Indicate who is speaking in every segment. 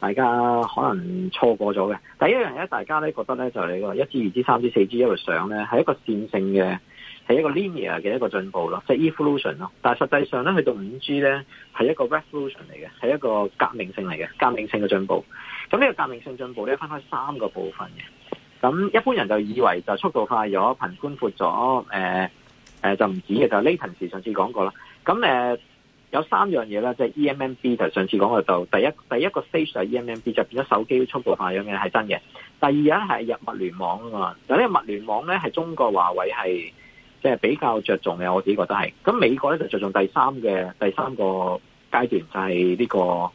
Speaker 1: 大家可能錯過咗嘅第一樣嘢，大家咧覺得咧就係你個一 G、二 G、三 G、四 G 一路上咧係一個線性嘅，係一個 linear 嘅一個進步咯，即係 evolution 咯。但係實際上咧去到五 G 咧係一個 revolution 嚟嘅，係一個革命性嚟嘅革命性嘅進步。咁呢個革命性進步咧分開三個部分嘅。咁一般人就以為就速度快咗、頻寬闊咗，誒誒就唔止嘅。就係 latency 上次講過啦。咁誒。呃有三樣嘢啦，即係 EMMB，就上次講嘅就第一，第一個 stage 係 EMMB，就變咗手機速度快咁樣嘅係真嘅。第二嘢係係入物聯網啊嘛，嗱呢個物聯網咧係中國華為係即係比較着重嘅，我自己覺得係。咁美國咧就着重第三嘅第三個階段就係呢個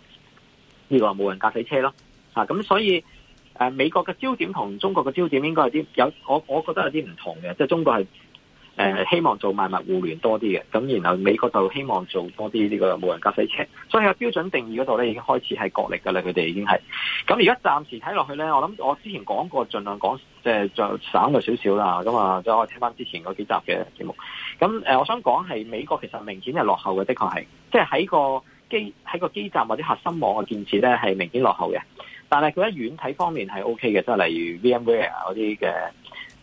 Speaker 1: 呢個冇人駕駛車咯。吓，咁所以誒美國嘅焦點同中國嘅焦點應該有啲有我我覺得有啲唔同嘅，即係中國係。誒、呃，希望做萬物互聯多啲嘅，咁然後美國就希望做多啲呢個無人駕駛車，所以個標準定義嗰度咧已經開始係角力噶啦，佢哋已經係。咁而家暫時睇落去咧，我諗我之前講過，盡量講即係就省略少少啦。咁、呃、啊，再點點我睇翻之前嗰幾集嘅節目。咁誒、呃，我想講係美國其實明顯係落後嘅，的確係，即係喺個基喺個基站或者核心網嘅建設咧係明顯落後嘅。但係佢喺軟體方面係 OK 嘅，即係例如 VMware 啲嘅。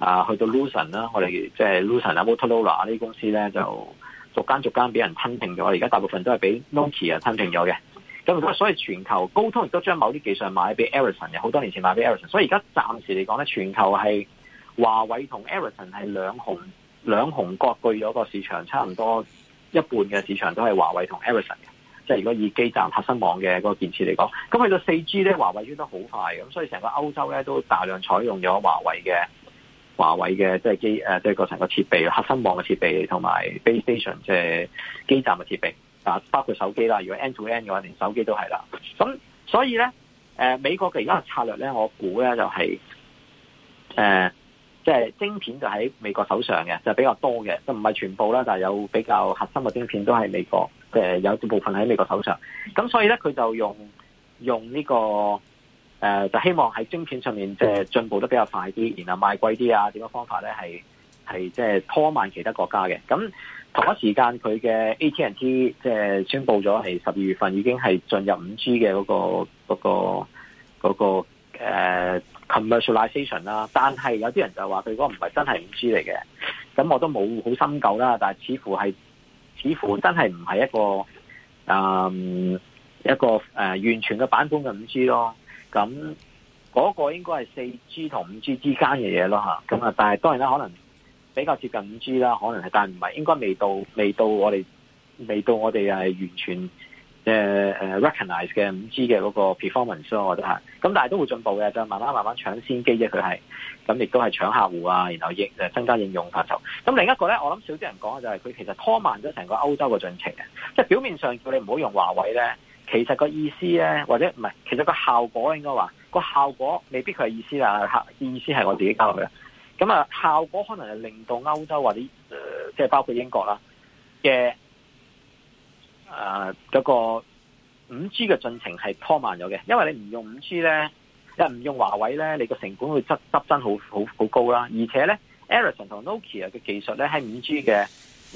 Speaker 1: 啊，去到 Luson 啦，我哋即係 Luson 啊 Motorola 呢啲公司咧，就逐間逐間俾人吞並咗。而家大部分都係俾 Nokia 吞並咗嘅。咁所以全球高通亦都將某啲技術買俾 Ericsson 嘅，好多年前買俾 Ericsson，所以而家暫時嚟講咧，全球係華為同 Ericsson 係兩雄兩雄各據咗個市場，差唔多一半嘅市場都係華為同 Ericsson 嘅。即係如果以基站核心網嘅個建設嚟講，咁去到四 G 咧，華為圈得好快，咁所以成個歐洲咧都大量採用咗華為嘅。華為嘅即係機誒，即係個成個設備、核心網嘅設備同埋 base station 即係基站嘅設備，啊，包括手機啦。如果 end to end 嘅話，連手機都係啦。咁所以咧，誒、呃，美國嘅而家嘅策略咧，我估咧就係、是，誒、呃，即、就、係、是，晶片就喺美國手上嘅，就比較多嘅，就唔係全部啦，但係有比較核心嘅晶片都係美國嘅，就是、有部分喺美國手上。咁所以咧，佢就用用呢、這個。誒、呃，就希望喺芯片上面即係進步得比較快啲，然後賣貴啲啊，點樣方法咧係係即係拖慢其他國家嘅。咁同一時間，佢嘅 AT&T 即係宣佈咗係十二月份已經係進入五 G 嘅嗰、那個嗰、那個、那個誒、呃、commercialization 啦。但係有啲人就話佢嗰個唔係真係五 G 嚟嘅。咁我都冇好深究啦，但係似乎係似乎真係唔係一個誒、嗯、一個誒、呃、完全嘅版本嘅五 G 咯。咁嗰、那個應該係四 G 同五 G 之間嘅嘢咯吓，咁啊，但係當然啦，可能比較接近五 G 啦，可能係，但係唔係，應該未到，未到我哋未到我哋係完全誒誒、uh, recognize 嘅五 G 嘅嗰個 performance 咯，我覺得係咁，但係都會進步嘅，就是、慢慢慢慢搶先機啫，佢係，咁亦都係搶客戶啊，然後亦誒增加應用範疇。咁另一個咧，我諗少啲人講嘅就係、是，佢其實拖慢咗成個歐洲嘅進程嘅，即係表面上叫你唔好用華為咧。其實個意思咧，或者唔係，其實個效果應該話，嗰個效果未必佢係意思啦，意意思係我自己交佢嘅。咁啊，效果可能係令到歐洲或者，誒、呃，即係包括英國啦嘅，啊，嗰、呃嗰個五 G 嘅進程係拖慢咗嘅，因為你唔用五 G 咧，因為唔用華為咧，你個成本會執執真好好好高啦。而且咧 Ericsson 同 Nokia、ok、嘅技術咧係五 G 嘅，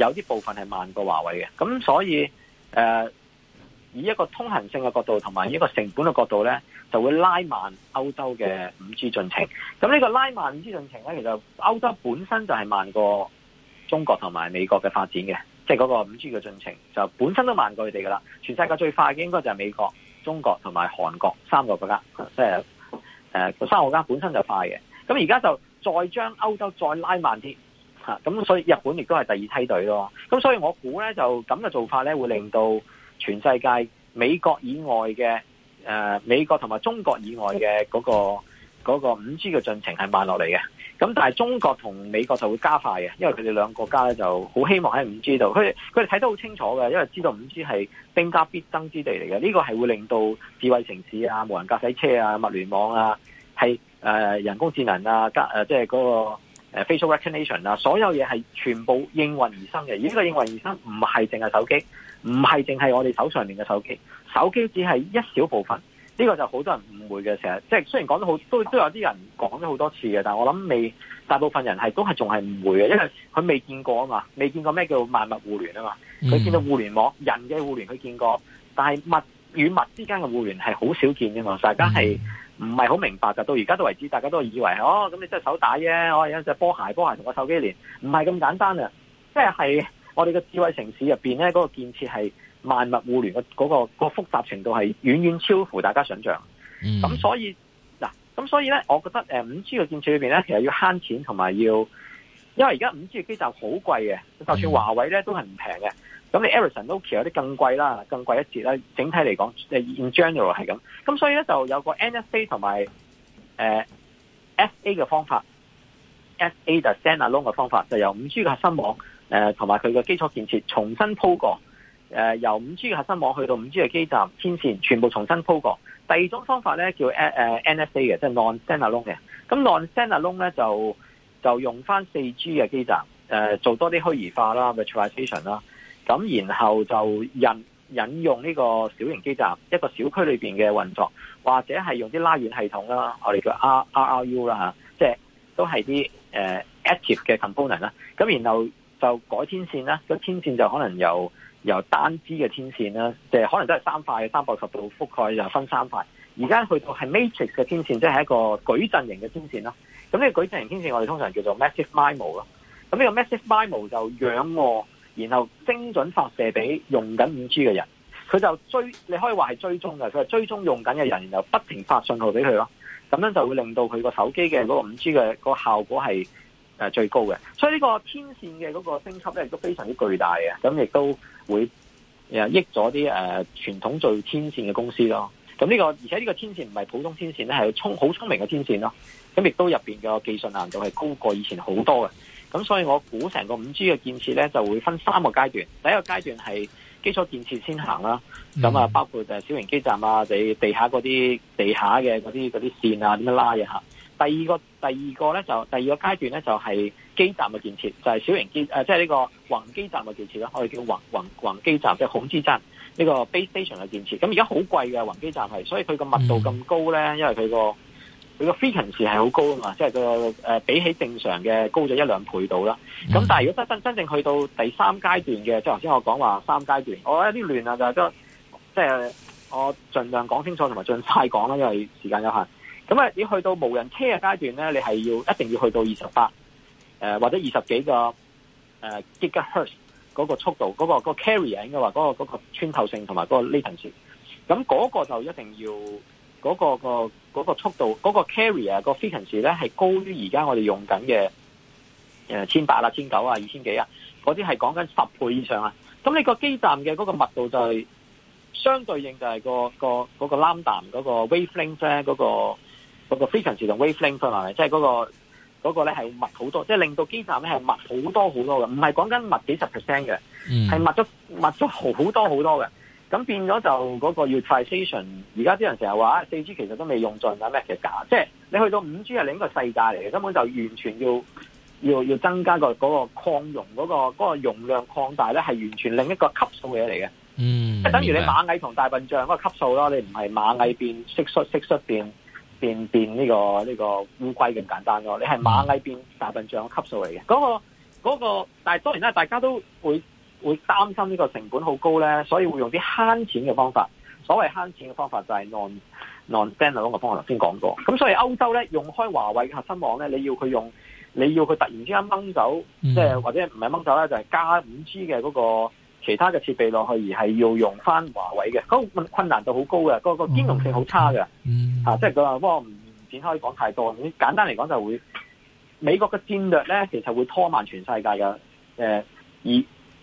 Speaker 1: 有啲部分係慢過華為嘅。咁所以誒。呃以一個通行性嘅角度同埋一個成本嘅角度咧，就會拉慢歐洲嘅五 G 進程。咁呢個拉慢五 G 進程咧，其實歐洲本身就係慢過中國同埋美國嘅發展嘅，即係嗰個五 G 嘅進程就本身都慢過佢哋噶啦。全世界最快嘅應該就係美國、中國同埋韓國三個國家，即係呃，三個國家本身就快嘅。咁而家就再將歐洲再拉慢啲嚇，咁所以日本亦都係第二梯隊咯。咁所以我估咧就咁嘅做法咧，會令到全世界美國以外嘅誒、呃、美國同埋中國以外嘅嗰、嗰個嗰、嗰個五 G 嘅進程係慢落嚟嘅，咁但係中國同美國就會加快嘅，因為佢哋兩個國家咧就好希望喺五 G 度，佢哋佢哋睇得好清楚嘅，因為知道五 G 係兵家必爭之地嚟嘅，呢、呢個係會令到智慧城市啊、無人駕駛車啊、物聯網啊、係誒、呃、人工智能啊、加誒即係嗰個。誒，facial recognition 啊，所有嘢係全部應運而生嘅。而呢個應運而生唔係淨係手機，唔係淨係我哋手上面嘅手機，手機只係一小部分。呢個就好多人誤會嘅，成日即係雖然講咗好都都有啲人講咗好多次嘅，但係我諗未大部分人係都係仲係誤會嘅，因為佢未見過啊嘛，未見過咩叫萬物互聯啊嘛，
Speaker 2: 佢見到互
Speaker 1: 聯網人嘅互聯佢見過，但係物與物之間嘅互聯係好少見嘅嘛，大家係。嗯唔係好明白噶，到而家都為止，大家都以為哦，咁你真係手打啫、啊，我、哦、有隻波鞋，波鞋同個手機連，唔係咁簡單啊！即係我哋個智慧城市入邊咧，嗰、嗰個建設係萬物互聯嘅嗰個、嗰個複雜程度係遠遠超乎大家想象。咁、嗯、所以嗱，咁所以咧，我覺得誒，五 G 嘅建設裏邊咧，其實要慳錢同埋要，因為而家五 G 嘅基站好貴嘅，就算華為咧都係唔平嘅。咁你 Ericsson Nokia、ok、有啲更貴啦，更貴一折啦。整體嚟講，誒 in general 係咁。咁所以咧就有個 NSA 同埋誒、呃、S A 嘅方法，S A 就 standalone 嘅方法，就由五 G 嘅核心網誒同埋佢嘅基礎建設重新鋪過。誒、呃、由五 G 嘅核心網去到五 G 嘅基站天線，全部重新鋪過。第二種方法咧叫 NSA 嘅、呃，即係、就是、non standalone 嘅。咁 non standalone 咧就就用翻四 G 嘅基站誒、呃、做多啲虛擬化啦 virtualization 啦。咁然後就引引用呢個小型基站，一個小區裏面嘅運作，或者係用啲拉遠系統啦，我哋叫 R R, R U 啦、啊，即係都係啲誒 active 嘅 component 啦、啊。咁然後就改天線啦，個天線就可能由由單支嘅天線啦，即、就、係、是、可能都係三塊三百六十度覆蓋，就是、分三塊。而家去到係 matrix 嘅天線，即係一個矩陣型嘅天線啦。咁呢個矩陣型天線，天線我哋通常叫做 massive MIMO 啦。咁呢個 massive MIMO 就仰然後精準發射俾用緊 5G 嘅人，佢就追，你可以話係追蹤嘅，佢係追蹤用緊嘅人，然後不停發信號俾佢咯。咁樣就會令到佢個手機嘅嗰個 5G 嘅個效果係誒最高嘅。所以呢個天線嘅嗰個升級咧，亦都非常之巨大嘅。咁亦都會誒益咗啲誒傳統做天線嘅公司咯。咁呢個而且呢個天線唔係普通天線咧，係聰好聰明嘅天線咯。咁亦都入邊嘅技術難度係高過以前好多嘅。咁所以我估成個 5G 嘅建設咧就會分三個階段。第一個階段係基礎建設先行啦。咁啊，包括就係小型基站啊，地地下嗰啲地下嘅嗰啲嗰啲線啊點樣拉嘅。第二個第二個咧就第二個階段咧就係基站嘅建設，就係小型基誒即係呢個宏基站嘅建設啦。我哋叫宏宏宏基站即係孔之站呢個 base station 嘅建設。咁而家好貴嘅宏基站係，所以佢個密度咁高咧，因為佢個。佢、就是那個 frequency 係好高啊嘛，即係個誒比起正常嘅高咗一兩倍到啦。咁但係如果真真真正去到第三階段嘅，即係頭先我講話三階段，我有啲亂啊，就即、是、係、就是、我盡量講清楚同埋盡快講啦，因為時間有限。咁啊，你去到無人車嘅階段咧，你係要一定要去到二十八誒或者二十幾個誒、呃、gigahertz 嗰個速度，嗰、那個 carrier 應該話嗰、那個嗰、那個、穿透性同埋嗰個 latency，咁嗰個就一定要。嗰、那個、那個速度，嗰、那個 carrier 個 frequency 咧係高於而家我哋用緊嘅誒千八啊、千九啊、二千幾啊，嗰啲係講緊十倍以上啊。咁你個基站嘅嗰個密度就係、是、相對應就係、那個、那個嗰、那個 lambda 嗰個 wavelength 咧、那個，嗰、那個嗰 fre、那個 frequency 同 wavelength 係咪？即係嗰個嗰個咧係密好多，即、就、係、是、令到基站咧係密好多好多嘅，唔係講緊密幾十 percent 嘅，係、嗯、密咗密咗好多好多嘅。咁變咗就嗰個 utilization，t 而家啲人成日話四 G 其實都未用盡啊咩嘅㗎，即係你去到五 G 係另一個世界嚟嘅，根本就完全要要要增加個嗰、嗰個擴容嗰、嗰個容量擴大咧，係完全另一個級數嘅嘢嚟嘅。
Speaker 2: 嗯，即係等於你螞
Speaker 1: 蟻同大笨象嗰個級數咯，你唔係螞蟻變蟋蟀，蟋蟀變變變呢、呢個呢、呢個烏龜咁簡單咯，你係螞蟻變大笨象級數嚟嘅。嗰、嗰個、嗰個、但係當然啦，大家都會。會擔心呢個成本好高呢，所以會用啲慳錢嘅方法。所謂慳錢嘅方法就係 non non vendor 嘅方法，我頭先講過。咁所以歐洲呢，用開華為嘅核心網呢，你要佢用，你要佢突然之間掹走，即係、嗯、或者唔係掹走咧，就係、係、加 5G 嘅嗰個其他嘅設備落去，而係要用返華為嘅，嗰、嗰個困難度好高嘅，嗰、嗰個兼容性好差嘅。吓，即係佢話不過唔展開講太多。簡單嚟講，就會美國嘅戰略呢，其實會拖慢全世界嘅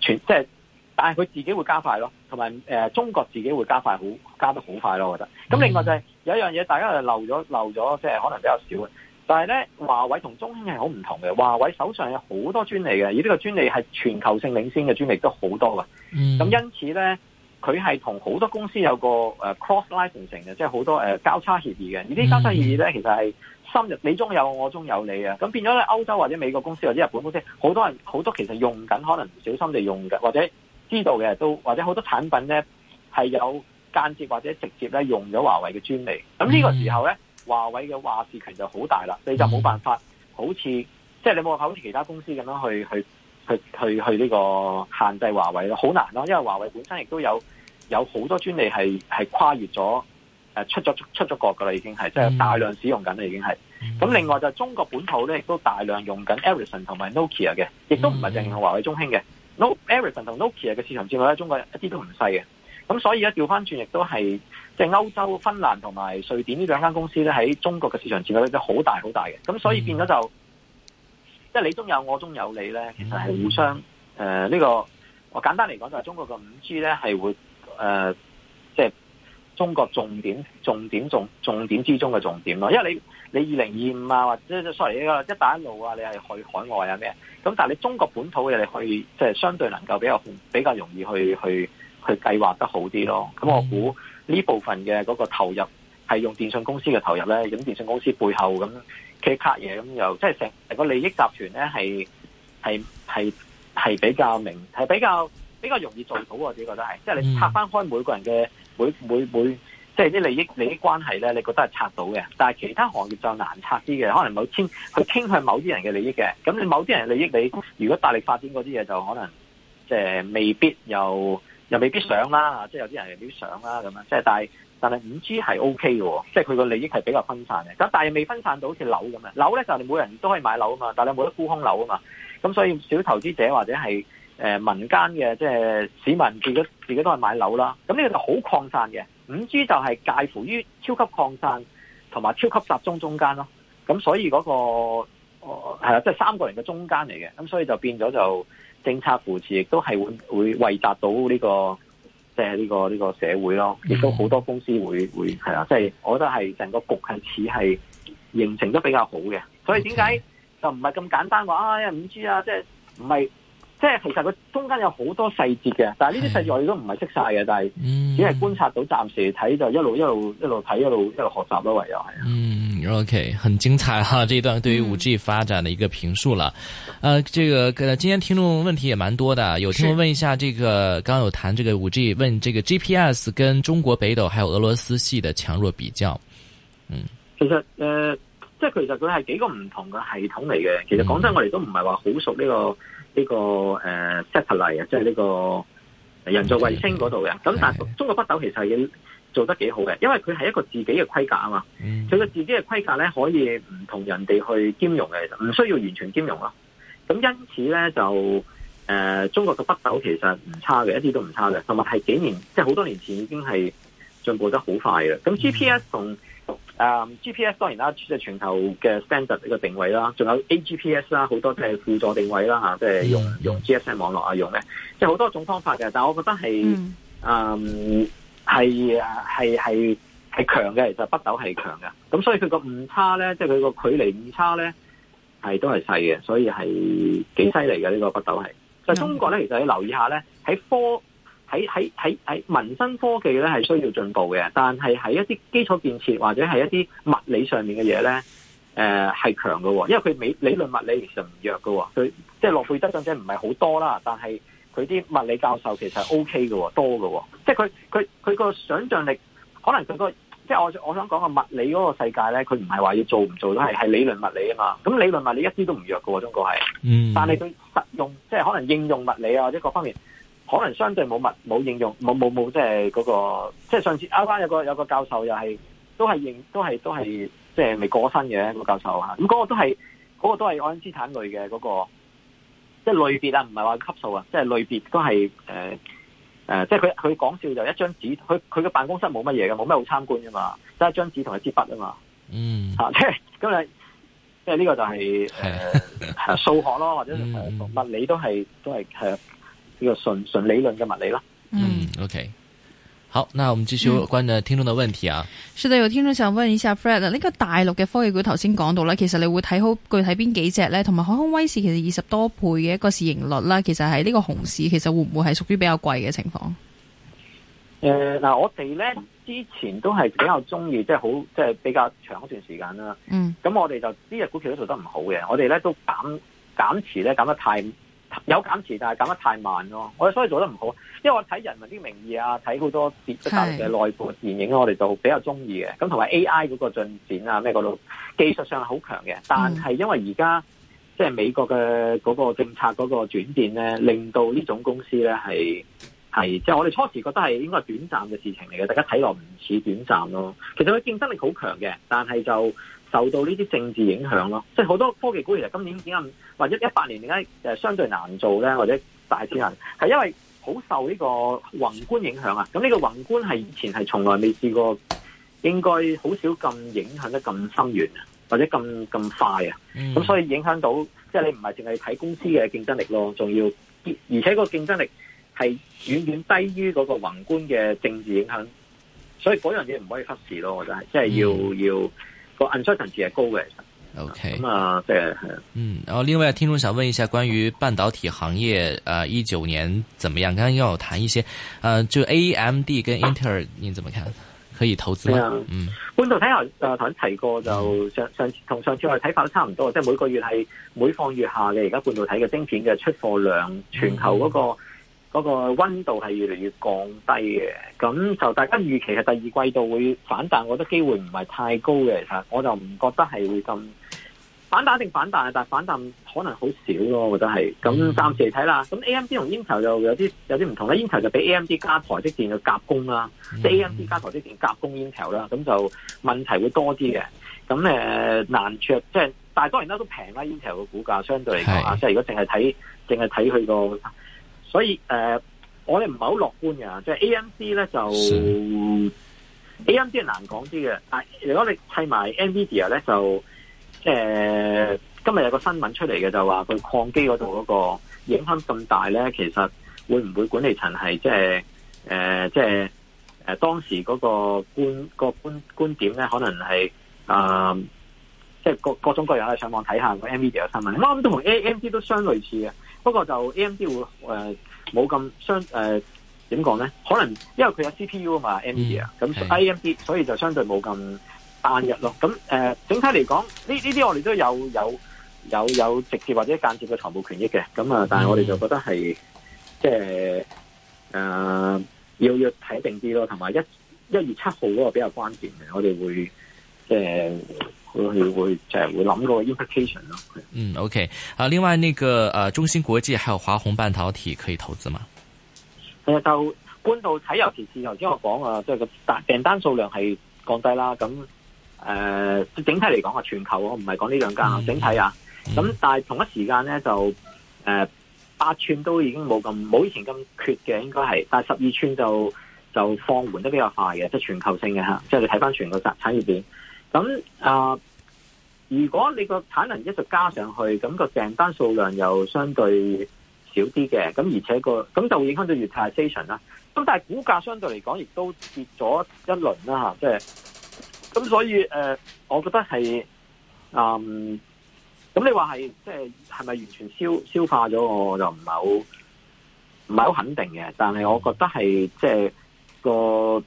Speaker 1: 全即係，但係佢自己會加快咯，同埋、呃、中國自己會加快好加得好快咯，我覺得。咁另外就係、是、有一樣嘢，大家就漏咗漏咗，即係可能比較少嘅。但係咧，華為同中興係好唔同嘅。華為手上有好多專利嘅，而呢個專利係全球性領先嘅專利都，都好多嘅。咁因此咧，佢係同好多公司有個 cross licensing 形成嘅，即係好多交叉協議嘅。而呢交叉協議咧，其實係。心你中有我中有你啊！咁變咗咧，歐洲或者美國公司或者日本公司，好多人好多其實用緊，可能唔小心地用嘅，或者知道嘅都，或者好多產品咧係有間接或者直接咧用咗華為嘅專利。咁呢個時候咧，華為嘅話事權就好大啦，你就冇辦法好似即係你冇辦法好似其他公司咁樣去去去去去呢個限制華為咯，好難咯，啊，因為華為本身亦都有有好多專利係係跨越咗。誒，出咗出咗國噶啦，已經係，即係、嗯、大量使用緊啦，已經係。咁、嗯、另外就中國本土咧，亦都大量用緊 Ericsson 同埋 Nokia、ok、嘅，亦都唔係淨係華為、中興嘅。嗯、no Ericsson 同 Nokia、ok、嘅市場佔有率呢，咧，中國一啲都唔細嘅。咁所以咧，調返轉亦都係，即係歐洲芬蘭同埋瑞典呢兩間公司咧，喺中國嘅市場佔有率都好大好大嘅。咁所以變咗就，即係、嗯、你中有我中有你咧，嗯、其實係互相誒呢、嗯呃這個。我簡單嚟講就係，中國嘅五 G 咧係會誒即係。呃就是中國重點、重點、重、重點之中嘅重點咯，因為你你二零二五啊，或者 sorry 呢個「一帶一路」啊，你係去海外啊咩？咁但係你中國本土嘅你可以即係相對能夠比較比較容易去去去計劃得好啲咯。咁我估呢部分嘅嗰個投入係用電信公司嘅投入咧，咁電信公司背後咁企卡嘢咁，又即係成成個利益集團咧，係係係係比較明，係比較比較容易做到的。我自己覺得係，即係你拆翻開每個人嘅。會會會，即係啲利益、利益關係咧，你覺得係拆到嘅，但係其他行業就難拆啲嘅，可能某傾去傾向某啲人嘅利益嘅，咁你某啲人嘅利益你，如果大力發展嗰啲嘢，就可能即係未必又又未必想啦，即係有啲人未必想啦咁樣，即係但係但係五 G 係 OK 嘅，即係佢個利益係比較分散嘅，咁但係未分散到好似樓咁樣，樓咧就你每人都可以買樓啊嘛，但係你冇得沽空樓啊嘛，咁所以小投資者或者係。誒民間嘅即係市民自己自己都係買樓啦，咁呢個就好擴散嘅。五 G 就係介乎於超級擴散同埋超級集中中間咯，咁所以嗰、那個係啦，即係、啊就是、三個人嘅中間嚟嘅，咁所以就變咗就政策扶持亦都係會會惠及到呢、這個即係呢個呢、這個社會咯，亦都好多公司會會係啦，即係、啊就是、我覺得係成個局係似係形成得比較好嘅。所以點解就唔係咁簡單話啊？五 G 啊，即係唔係。即係其實佢中間有好多細節嘅，但係呢啲細節我哋都唔係識晒嘅，嗯、但係只係觀察到暫時睇就一路一路一路睇一路一路學習咯，唯
Speaker 2: 有係。嗯，OK，很精彩哈，這一段對於五 G 發展的一個評述啦。嗯、呃，這個今天聽眾問題也蠻多的，有聽眾問一下，這個剛，剛有談這個五 G，問這個 GPS 跟中國北斗還有俄羅斯系的強弱比較。嗯，
Speaker 1: 其實，嗯、呃。即係其實佢係幾個唔同嘅系統嚟嘅，其實講真的我們都不熟、這個，我哋都唔係話好熟呢個呢個誒 satellite 啊，呃、即係呢個人造衛星嗰度嘅。咁但係中國北斗其實係做得幾好嘅，因為佢係一個自己嘅規格啊嘛。佢嘅自己嘅規格咧，可以唔同人哋去兼容嘅，唔需要完全兼容咯。咁因此咧，就誒、呃、中國嘅北斗其實唔差嘅，一啲都唔差嘅，同埋係幾年即係好多年前已經係進步得好快嘅。咁 GPS 同啊、um，GPS 當然啦，即係全球嘅 standard 呢個定位啦，仲有 AGPS 啦，好多都係輔助定位啦嚇，即、啊、係、就是、用用 GSM 網絡啊用咧，即係好多種方法嘅。但係我覺得係，嗯，係係係係強嘅，其實北斗係強嘅。咁所以佢個誤差咧，即係佢個距離誤差咧，係都係細嘅，所以係幾犀利嘅呢個北斗係。就中國咧，其實你留意一下咧，喺科，喺喺喺喺民生科技咧，係需要進步嘅，但係喺一啲基礎建設或者係一啲物理上面嘅嘢咧，誒係強嘅喎，因為佢美理論物理其實唔弱嘅喎、哦，佢即係諾貝爾得獎者唔係好多啦，但係佢啲物理教授其實係 O K 嘅喎，多嘅、哦，即係佢佢佢個想象力可能佢個即係我我想講嘅物理嗰個世界咧，佢唔係話要做唔做都係係理論物理啊嘛，咁理論物理一啲都唔弱嘅喎、啊，中國係，但係佢實用即係可能應用物理啊或者各方面。可能相對冇乜冇應用冇冇冇即係嗰個即係、就是、上次啱啱有個有個教授又係都係認都係都係即係未過身嘅、那個教授吓，咁、那、嗰個都係嗰、那個都係愛因斯坦類嘅嗰、那個即係、就是、類別啊，唔係話級數啊，即、就、係、是、類別都係誒誒，即係佢佢講笑就一張紙，佢佢嘅辦公室冇乜嘢嘅，冇咩好參觀噶嘛，得、就是、一張紙同一支筆啊嘛，嗯吓，咁啊，即係呢個就係誒數學咯，或者是、嗯、物理都係都係呢個純純理論嘅物
Speaker 2: 理啦，嗯，OK，好，那我們繼續關注聽眾的問題啊。是的、嗯，有、嗯、聽眾想問一下 Fred，呢、這個大陸嘅科技股頭先講到呢，其實你會睇好具體邊幾隻呢？同埋海康威視其實二十多倍嘅一個市盈率啦，其實喺呢個熊市，其實會唔會係屬於比較貴嘅情況？
Speaker 1: 誒、呃，嗱、呃，我哋呢之前都係比較中意，即、就、係、是、好，即、就、係、是、比較長一段時間啦。嗯，咁我哋就呢隻股票都做得唔好嘅，我哋呢都減減持呢，減得太。有減持，但係減得太慢咯、哦。我哋所以做得唔好，因為我睇人民啲名義啊，睇好多別的大陸嘅內部電影，的我哋就比較中意嘅。咁同埋 AI 嗰個進展啊，咩嗰度技術上係好強嘅。但係因為而家即係美國嘅嗰個政策嗰個轉變咧，令到呢種公司咧係係即係我哋初時覺得係應該係短暫嘅事情嚟嘅，大家睇落唔似短暫咯。其實佢競爭力好強嘅，但係就。受到呢啲政治影響咯，即係好多科技股其實今年點解或者一八年點解誒相對難做咧，或者大市行係因為好受呢個宏觀影響啊！咁呢個宏觀係以前係從來未試過，應該好少咁影響得咁深遠啊，或者咁咁快啊！咁所以影響到即係你唔係淨係睇公司嘅競爭力咯，仲要而且個競爭力係遠遠低於嗰個宏觀嘅政治影響，所以嗰、就是、樣嘢唔可以忽視咯，我覺得係即係要要。要個 interest 層次係高嘅，OK 咁啊，即係，
Speaker 2: 嗯，然後另外聽眾想問一下關於半導體行業啊，一、呃、九年怎麼樣？剛剛又有談一些，呃，就 AMD 跟 Intel，你怎麼看？啊、可以投資嗎？的嗯，
Speaker 1: 半導體行，誒、呃，頭先提過就上上次同上次我睇法都差唔多，即係每個月係每放月下，你而家半導體嘅晶片嘅出貨量，全球嗰、那個。嗯嗯嗰個溫度係越嚟越降低嘅，咁就大家預期嘅第二季度會反彈，我覺得機會唔係太高嘅，其實我就唔覺得係會咁反彈定反彈，但反彈可能好少咯，我覺得係咁暫時嚟睇啦。咁 AMD 同 Intel 就有啲有啲唔同啦，Intel 就畀 AMD 加台積電嘅夾攻啦，即 AMD 加台積電夾攻 Intel 啦，咁就問題會多啲嘅，咁誒、呃、難卓，即係但係當然啦，都平啦，Intel 嘅股價相對嚟講，是即係如果淨係睇淨係睇佢個。所以誒、呃，我哋唔係好樂觀㗎。即、就、係、是、A M D 呢，就 A M D 係難講啲嘅。但，如果你睇埋 NVIDIA 咧，就即係、呃、今日有個新聞出嚟嘅，就話佢礦機嗰度嗰個影響咁大呢。其實會唔會管理層係即係即係誒當時嗰個，那個觀個觀點呢？可能係啊，即、呃、係、就是、各，各種各樣咧，上網睇下個 NVIDIA 新聞，啱都同 A M D 都相類似嘅！不過就 AMD 會誒冇咁相誒點講咧？可能因為佢有 CPU 啊嘛，AMD 啊，咁 AMD Yeah. AMD 是所以就相對冇咁單一咯。咁、誒、呃、整體嚟講，呢呢啲我哋都有有有有直接或者間接嘅財務權益嘅。咁啊，但係我哋就覺得係即係誒要要睇定啲咯。同埋一一月七號嗰個比較關鍵嘅，我哋會即係。呃會會就係
Speaker 2: 會諗個 application 咯。嗯，OK。啊，另外那個誒，中芯國際還有華虹半導體可以投資嗎？
Speaker 1: 其實、呃、就半導體，尤其是頭先我講啊，即係個訂單數量係降低啦。咁誒、呃，整體嚟講啊，全球我唔係講呢兩間啊，嗯、整體啊。咁、嗯、但係同一時間咧就誒八、呃、寸都已經冇咁冇以前咁缺嘅，應該係，但係十二寸就就放緩得比較快嘅，即、就、係、是、全球性嘅吓。即、就、係、是、你睇翻全個產產業鏈。咁啊、呃，如果你個產能一直加上去，咁、那個訂單數量又相對少啲嘅，咁而且個咁就會影響到 utilization 啦。咁但係股價相對嚟講，亦都跌咗一輪啦吓，即、啊、係，咁、就是、所以誒、呃，我覺得係，嗯，咁你話係，即係係咪完全消消化咗？我就唔係好唔係好肯定嘅。但係我覺得係，即、就、係、是、個。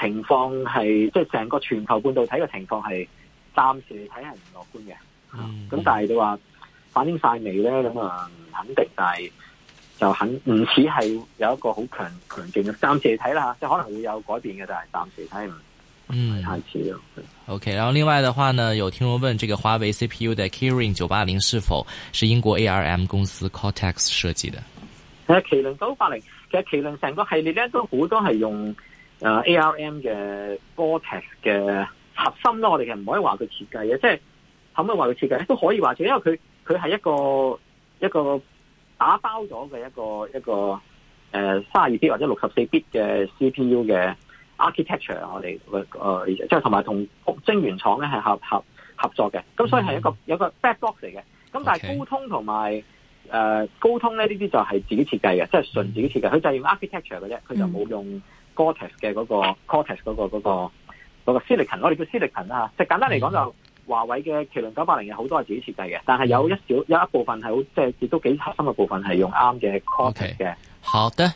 Speaker 1: 情況係，即係成個全球半導體嘅情況係暫時嚟睇係唔樂觀嘅，咁、嗯啊、但係你話反映晒未咧？咁啊唔肯定，但係
Speaker 2: 就肯唔似
Speaker 1: 係有一個好強強勁嘅，暫時嚟睇啦，即係可能會有改變嘅，但係暫時睇唔，嗯，太似。
Speaker 2: OK，然後另外嘅話呢，有聽眾問，這個華為 CPU 的 k 嘅麒麟九八零是否是英國 ARM 公司 Cortex 設計的？
Speaker 1: 誒，麒麟九八零，其實麒麟成個系列咧都好多係用。誒、uh, ARM 嘅 Cortex 嘅核心咯，我哋其實唔可以話佢設計嘅，即係可唔可以話佢設計咧？都可以話，因為佢佢係一個一個打包咗嘅一個一個誒卅二 bit 或者六十四 bit 嘅 CPU 嘅 architecture，我哋誒、呃、即係同埋同晶圓廠咧係合合合作嘅，咁所以係一個、mm hmm. 有一個 back box 嚟嘅。咁但係高通同埋誒高通咧呢啲就係自己設計嘅，即、就、係、是、純自己設計，佢、mm hmm. 就係用 architecture 嘅啫，佢就冇用。Mm hmm. Cortex 嘅嗰、那個 Cortex 嗰、那個嗰、那個嗰、那個、silicon，我哋叫 silicon 啦吓，即係簡單嚟講就是嗯、華為嘅麒麟九八零好多係自己設計嘅，但係有一小、嗯、有一部分係好即係亦都幾核心嘅部分係用啱嘅 Cortex 嘅。Okay.
Speaker 2: 好的。